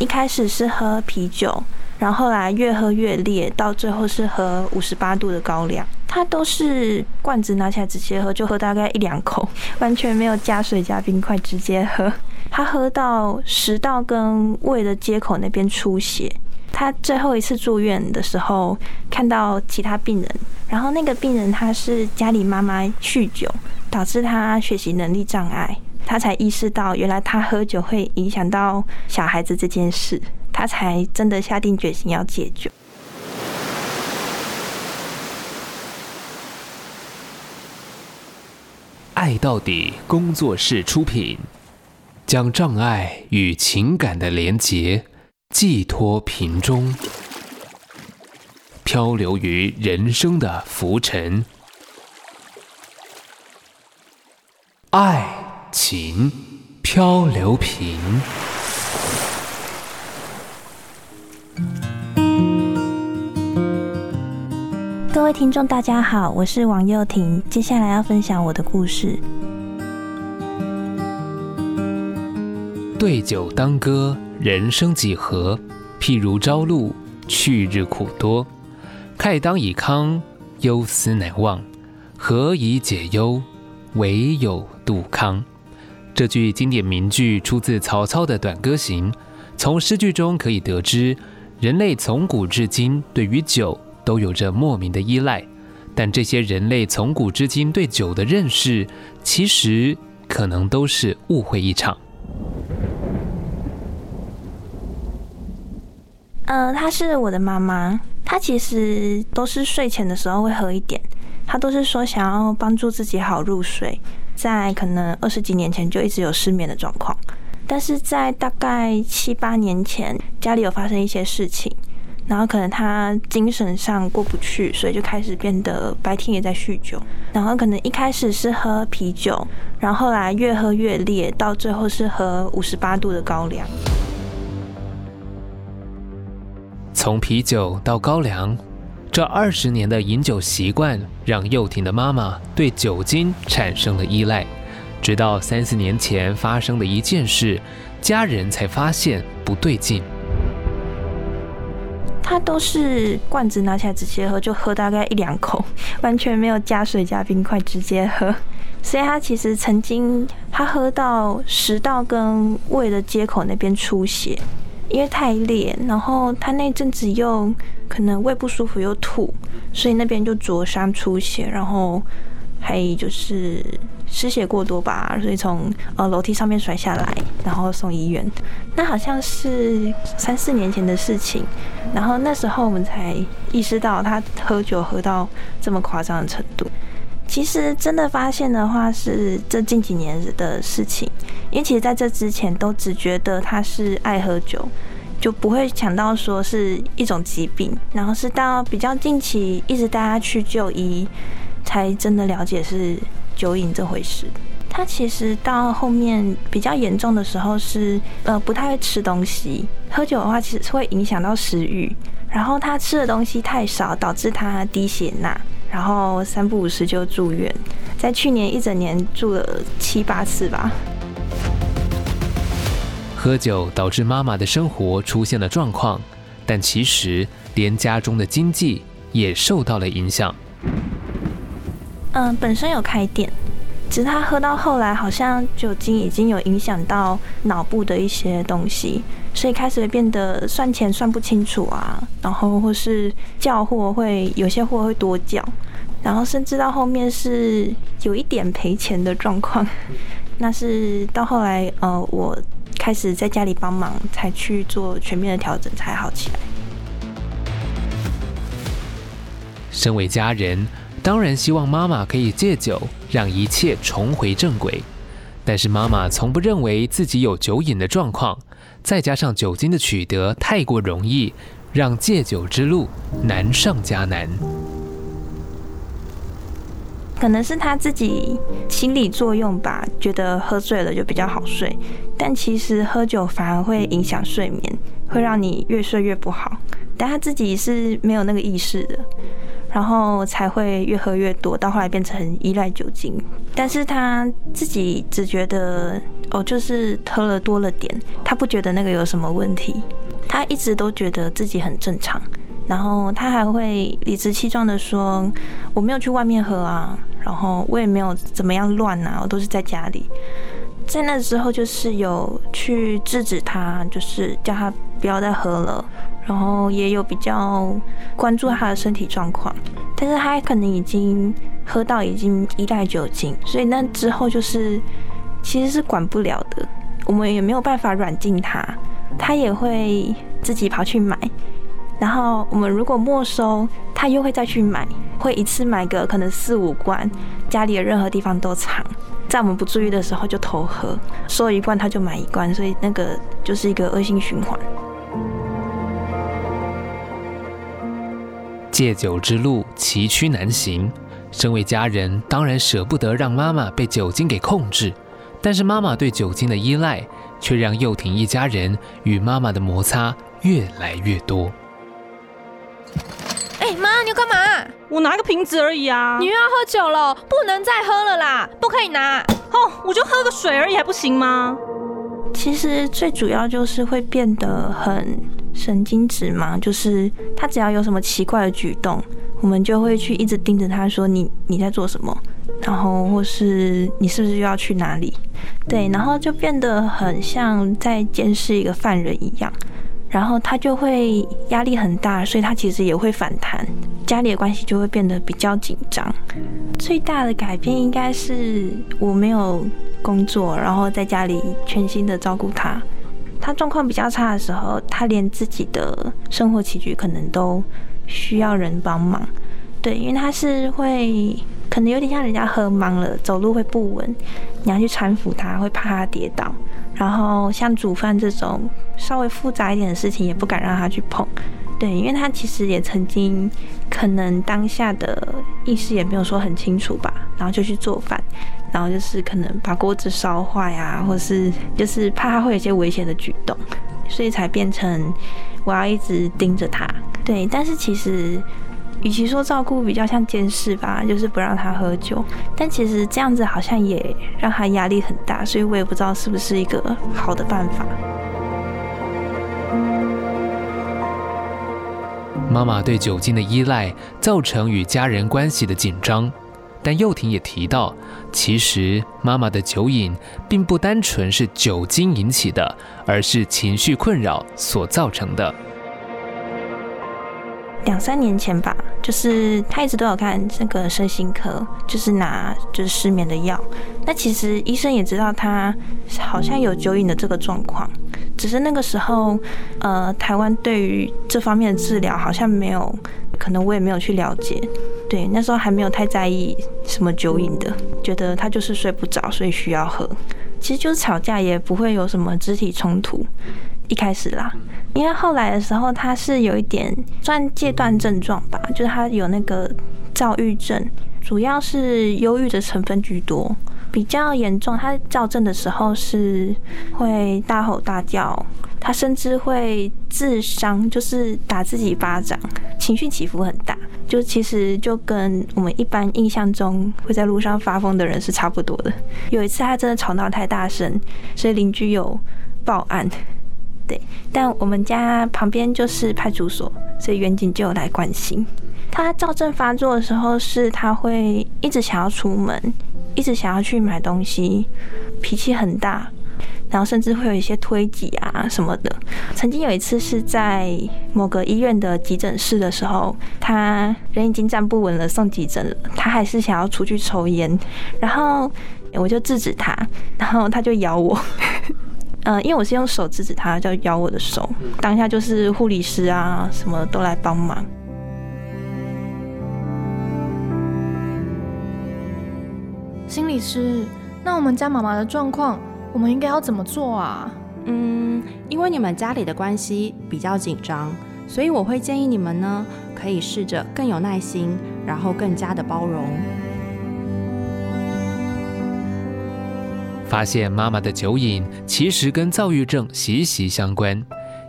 一開始是喝啤酒，然後來、啊、越喝越烈，到最後是喝五十八度的高粱。他都是罐子拿起來直接喝，就喝大概一兩口，完全沒有加水加冰塊，直接喝。他喝到食道跟胃的接口那邊出血。他最後一次住院的時候，看到其他病人，然後那個病人他是家裡媽媽酗酒，導致他學習能力障礙。他才意識到，原來他喝酒會影響到小孩子這件事，他才真的下定決心要戒酒。愛到底工作室出品，將障礙與情感的連結寄託瓶中，漂流於人生的浮沉，愛。《礙情漂流瓶》，各位聽眾大家好，我是王佑廷，接下來要分享我的故事。對酒當歌，人生幾何？譬如朝露，去日苦多。慨當以慷，憂思難忘。何以解憂？唯有杜康。這句經典名句出自曹操的《短歌行》。從詩句中可以得知，人類從古至今對於酒都有着莫名的依賴。但這些人類從古至今對酒的認識，其實可能都是誤會一場。呃，她是我的媽媽，她其實都是睡前的時候會喝一點，她都是說想要幫助自己好入睡。在可能二十幾年前就一直有失眠的狀況，但是在大概七八年前，家裡有發生一些事情，然後可能他精神上過不去，所以就開始變得白天也在酗酒，然後可能一開始是喝啤酒，然後後來越喝越烈，到最後是喝五十八度的高粱。從啤酒到高粱。這二十年的飲酒習慣讓幼婷的媽媽對酒精產生了依賴，直到三四年前發生的一件事，家人才發現不對勁。他都是罐子拿起來直接喝，就喝大概一兩口，完全沒有加水加冰塊直接喝。所以他其實曾經他喝到食道跟胃的接口那邊出血。因為太烈，然後他那陣子又可能胃不舒服又吐，所以那邊就灼傷出血，然後還就是失血過多吧，所以從呃樓梯上面摔下來，然後送醫院。那好像是三四年前的事情，然後那時候我們才意識到他喝酒喝到這麼誇張的程度。其實真的發現的話，是這近幾年的事情，因為其實在這之前都只覺得他是愛喝酒，就不會想到說是一種疾病。然後是到比較近期，一直帶他去就醫，才真的了解是酒癮這回事。他其實到後面比較嚴重的時候是，是呃不太會吃東西，喝酒的話其實會影響到食慾，然後他吃的東西太少，導致他低血鈉。然後三不五時，就住院，在去年一整年住了七八次吧。喝酒導致媽媽的生活出現了狀況，但其實連家中的經濟也受到了影響。嗯、呃，本身有開店，只是他喝到後來，好像酒精已，已經有影響到腦部的一些東西。所以開始會變得算錢算不清楚啊，然後或是叫貨會有些貨會多叫，然後甚至到後面是有一點賠錢的狀況，那是到後來呃，我開始在家裡幫忙才去做全面的調整才好起來。身為家人，當然希望媽媽可以戒酒，讓一切重回正軌。但是媽媽從不認為自己有酒癮的狀況，再加上酒精的取得太過容易，讓戒酒之路難上加難。可能是他自己心理作用吧，覺得喝醉了就比較好睡，但其實喝酒反而會影響睡眠，會讓你越睡越不好。但他自己是沒有那個意識的。然後才會越喝越多，到後來變成依賴酒精。但是他自己只覺得哦，就是喝了多了點，他不覺得那個有什麼問題。他一直都覺得自己很正常，然後他還會理直氣壯的說：“我沒有去外面喝啊，然後我也沒有怎麼樣亂啊，我都是在家裡。”在那時候就是有去制止他，就是叫他不要再喝了。然後也有比較關注他的身體狀況，但是他可能已經喝到已經依賴酒精，所以那之後就是其實是管不了的，我們也沒有辦法軟禁他，他也會自己跑去買，然後我們如果沒收，他又會再去買，會一次買個可能四五罐，家裡的任何地方都藏，在我們不注意的時候就偷喝，收一罐他就買一罐，所以那個就是一個惡性循環。戒酒之路崎嶇難行，身為家人當然捨不得讓媽媽被酒精給控制，但是媽媽對酒精的依賴卻讓幼廷一家人與媽媽的摩擦越來越多。哎、欸，媽，你要幹嘛？我拿個瓶子而已啊！你又要喝酒了，不能再喝了啦！不可以拿哦，我就喝個水而已，還不行嗎？其實最主要就是會變得很。神經質嘛，就是他只要有什麼奇怪的舉動，我們就會去一直盯着他，說你你在做什麼？然後或是你是不是又要去哪裡？對，然後就變得很像在監視一個犯人一樣，然後他就會壓力很大，所以他其實也會反彈，家裡的關係就會變得比較緊張。最大的改變應該是我沒有工作，然後在家裡全心的照顧他。他狀況比較差的時候，他連自己的生活起居可能都需要人幫忙，對，因為他是會可能有點像人家喝茫了，走路會不穩，你要去攙扶他，會怕他跌倒。然後像煮飯這種稍微複雜一點的事情，也不敢讓他去碰，對，因為他其實也曾經可能當下的意識也沒有說很清楚吧，然後就去做飯。然後就是可能把鍋子燒壞啊，或是就是怕他會有一些危險的舉動，所以才變成我要一直盯着他。對，但是其實與其說照顧，比較像監視吧，就是不讓他喝酒。但其實這樣子好像也讓他壓力很大，所以我也不知道是不是一個好的辦法。媽媽對酒精的依賴，造成與家人關係的緊張。但幼婷也提到，其實媽媽的酒癮並不單純是酒精引起的，而是情緒困擾所造成的。兩三年前吧，就是她一直都有看這個身心科，就是拿就是失眠的藥。那其實醫生也知道她好像有酒癮的這個狀況，只是那個時候，呃，台灣對於這方面的治療好像沒有。可能我也沒有去了解，對，那時候還沒有太在意什麼酒癮的，覺得他就是睡不着，所以需要喝。其實就是吵架也不會有什麼肢體衝突，一開始啦，因為後來的時候他是有一點算戒斷症狀吧，就是他有那個躁鬱症，主要是憂鬱的成分居多，比較嚴重。他躁症的時候是會大吼大叫。他甚至會自傷，就是打自己巴掌，情緒起伏很大，就其實就跟我們一般印象中會在路上發瘋的人是差不多的。有一次他真的吵鬧太大聲，所以鄰居有報案，對，但我們家旁邊就是派出所，所以員警就有來關心。他躁症發作的時候是他會一直想要出門，一直想要去買東西，脾氣很大。然後甚至會有一些推擠啊什麼的。曾經有一次是在某個醫院的急診室的時候，他人已經站不穩了，送急診了，他還是想要出去抽菸，然後我就制止他，然後他就咬我，嗯，因為我是用手制止他，就咬我的手。當下就是護理師啊，什麼都來幫忙。心理師，那我們家媽媽的狀況？我們應該要怎麼做啊？嗯，因為你們家裡的關係比較緊張，所以我會建議你們呢，可以試着更有耐心，然後更加的包容。發現媽媽的酒癮其實跟躁鬱症息息相關。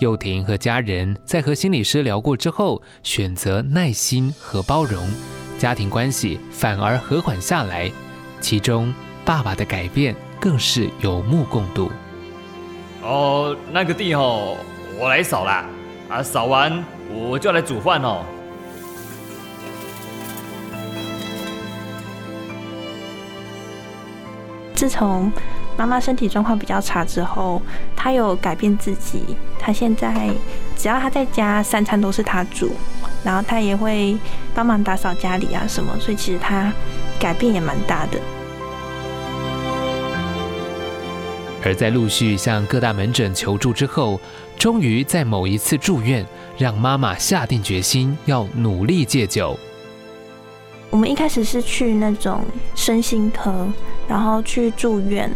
幼婷和家人在和心理師聊過之後，選擇耐心和包容，家庭關係反而和緩下來。其中，爸爸的改變。更是有目共睹哦。那個地哦，我來掃啦啊！掃完我就來煮飯哦。自從媽媽身體狀況比較差之後，她有改變自己。她現在只要她在家，三餐都是她煮，然後她也會幫忙打掃家裡啊什麼。所以其實她改變也蠻大的。而在陸續向各大門診求助之後，終於在某一次住院，讓媽媽下定決心要努力戒酒。我們一開始是去那種身心科，然後去住院，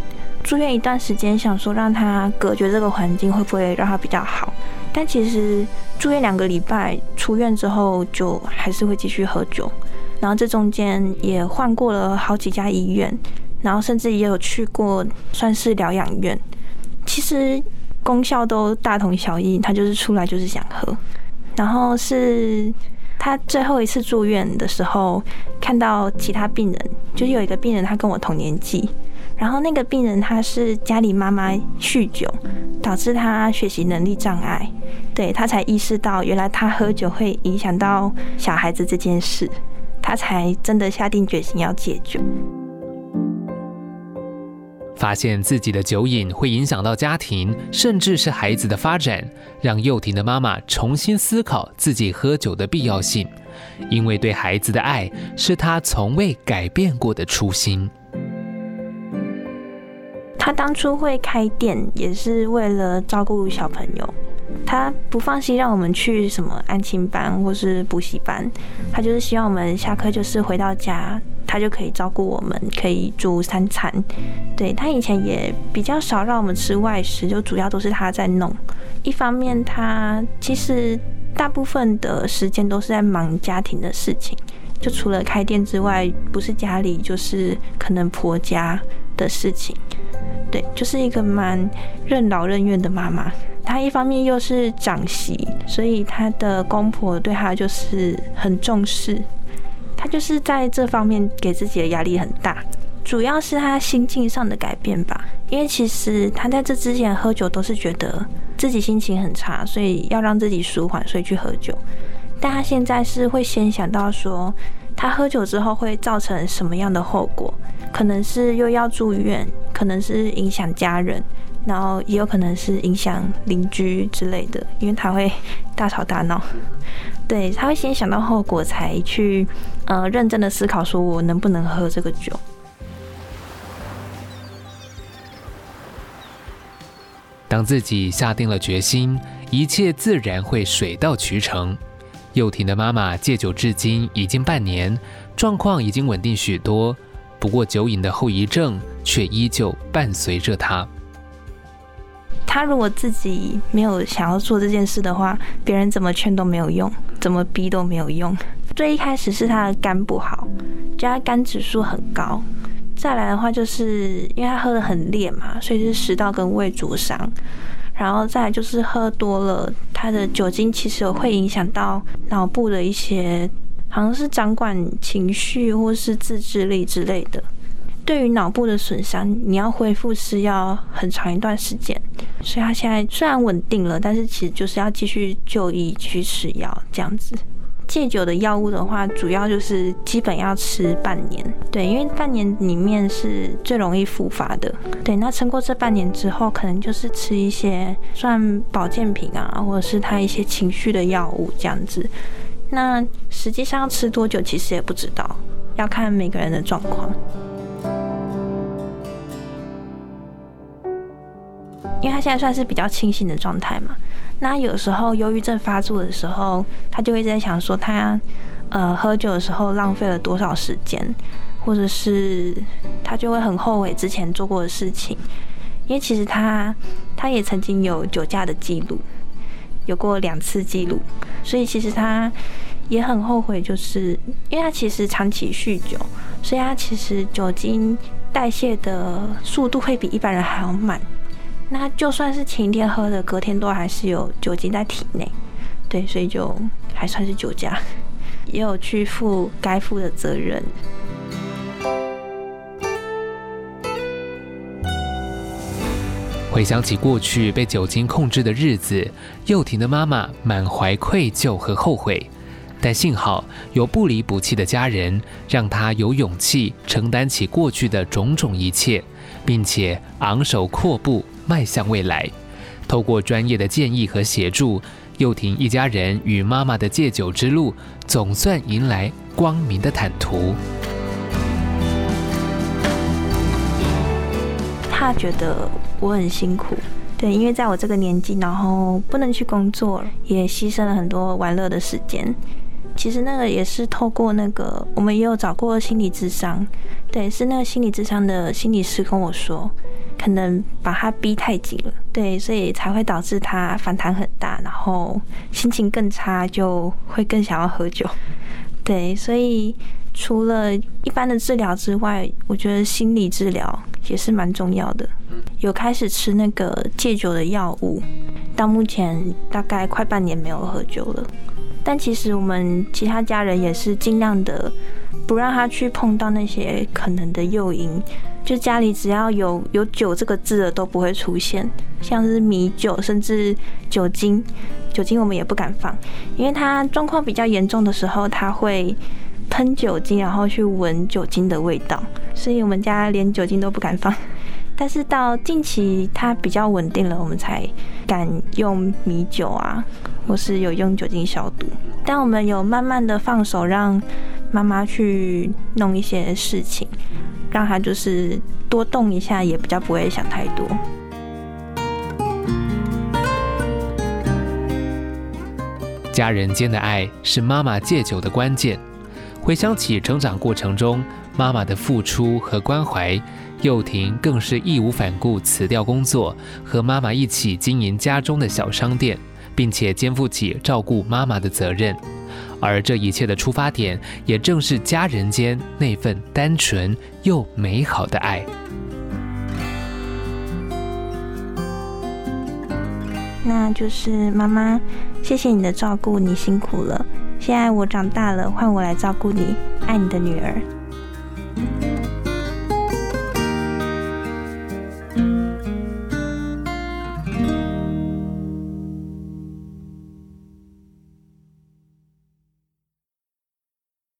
住院一段時間，想說讓他隔絕這個環境，會不會讓他比較好？但其實住院兩個禮拜，出院之後就還是會繼續喝酒，然後這中間也換過了好幾家醫院。然後甚至也有去過，算是療養院。其實功效都大同小異，他就是出來就是想喝。然後是他最後一次住院的時候，看到其他病人，就是有一個病人，他跟我同年紀。然後那個病人他是家裡媽媽酗酒，導致他學習能力障礙，對他才意識到原來他喝酒會影響到小孩子這件事，他才真的下定決心要戒酒。發現自己的酒癮會影響到家庭，甚至是孩子的發展，讓幼婷的媽媽重新思考自己喝酒的必要性，因為對孩子的愛是她從未改變過的初心。她當初會開店，也是為了照顧小朋友，她不放心讓我們去什麼安親班或是補習班，她就是希望我們下課就是回到家。他就可以照顧我們，可以煮三餐。對，他以前也比較少讓我們吃外食，就主要都是他在弄。一方面，他其實大部分的時間都是在忙家庭的事情，就除了開店之外，不是家裡，就是可能婆家的事情。對，就是一個蠻任勞任怨的媽媽。她一方面又是長媳，所以她的公婆對她就是很重視。就是在這方面給自己的壓力很大，主要是他心境上的改變吧。因為其實他在這之前喝酒都是覺得自己心情很差，所以要讓自己舒緩，所以去喝酒。但他現在是會先想到說，他喝酒之後會造成什麼樣的後果，可能是又要住院，可能是影響家人。然後也有可能是影響鄰居之類的，因為他會大吵大鬧。對，他會先想到後果，才去呃認真的思考，說我能不能喝這個酒。當自己下定了決心，一切自然會水到渠成。幼婷的媽媽戒酒至今已經半年，狀況已經穩定許多，不過酒癮的後遺症卻依舊伴隨着她。他、啊、如果自己沒有想要做這件事的話，別人怎麼勸都沒有用，怎麼逼都沒有用。最一開始是他的肝不好，就他肝指數很高。再來的話，就是因為他喝得很烈嘛，所以是食道跟胃灼傷。然後再來就是喝多了，他的酒精其實有會影響到腦部的一些，好像是掌管情緒或是自制力之類的。對於腦部的損傷，你要恢復是要很長一段時間，所以他現在雖然穩定了，但是其實就是要繼續就醫，去吃藥這樣子。戒酒的藥物的話，主要就是基本要吃半年，對，因為半年裡面是最容易復發的。對，那撐過這半年之後，可能就是吃一些算保健品啊，或者是他一些情緒的藥物這樣子。那實際上要吃多久，其實也不知道，要看每個人的狀況。因為他現在算是比較清醒的狀態嘛。那有時候憂鬱症發作的時候，他就會在想說他，他呃喝酒的時候浪費了多少時間，或者是他就會很後悔之前做過的事情。因為其實他他也曾經有酒駕的記錄，有過兩次記錄，所以其實他也很後悔。就是因為他其實長期酗酒，所以他其實酒精代謝的速度會比一般人還要慢，那就算是前天喝的，隔天都還是有酒精在體內，對，所以就還算是酒駕，也有去負該負的責任。回想起過去被酒精控制的日子，佑廷的媽媽滿懷愧疚和後悔，但幸好有不離不棄的家人，讓她有勇氣承擔起過去的種種一切。並且昂首闊步邁向未來，透過專業的建議和協助，佑廷一家人與媽媽的戒酒之路總算迎來光明的坦途。他覺得我很辛苦，對，因為在我這個年紀，然後不能去工作，也犧牲了很多玩樂的時間。其實那個也是透過那個，我們也有找過心理諮商，對，是那個心理諮商的心理師跟我說，可能把他逼太緊了，對，所以才會導致他反彈很大，然後心情更差，就會更想要喝酒，對，所以除了一般的治療之外，我覺得心理治療也是蠻重要的，有開始吃那個戒酒的藥物，到目前大概快半年沒有喝酒了。但其實我們其他家人也是盡量的，不讓他去碰到那些可能的誘因。就家裡只要有有酒這個字的都不會出現，像是米酒，甚至酒精，酒精我們也不敢放，因為他狀況比較嚴重的時候，他會噴酒精，然後去聞酒精的味道，所以我們家連酒精都不敢放。但是到近期，它比較穩定了，我們才敢用米酒啊，或是有用酒精消毒。但我們有慢慢的放手，讓媽媽去弄一些事情，讓她就是多動一下，也比較不會想太多。家人間的愛是媽媽戒酒的關鍵。回想起成長過程中媽媽的付出和關懷。幼婷更是義無反顧辭掉工作，和媽媽一起經營家中的小商店，並且肩負起照顧媽媽的責任。而這一切的出發點，也正是家人間那份單純又美好的愛。那就是媽媽，謝謝你的照顧，你辛苦了。現在我長大了，換我來照顧你，愛你的女兒。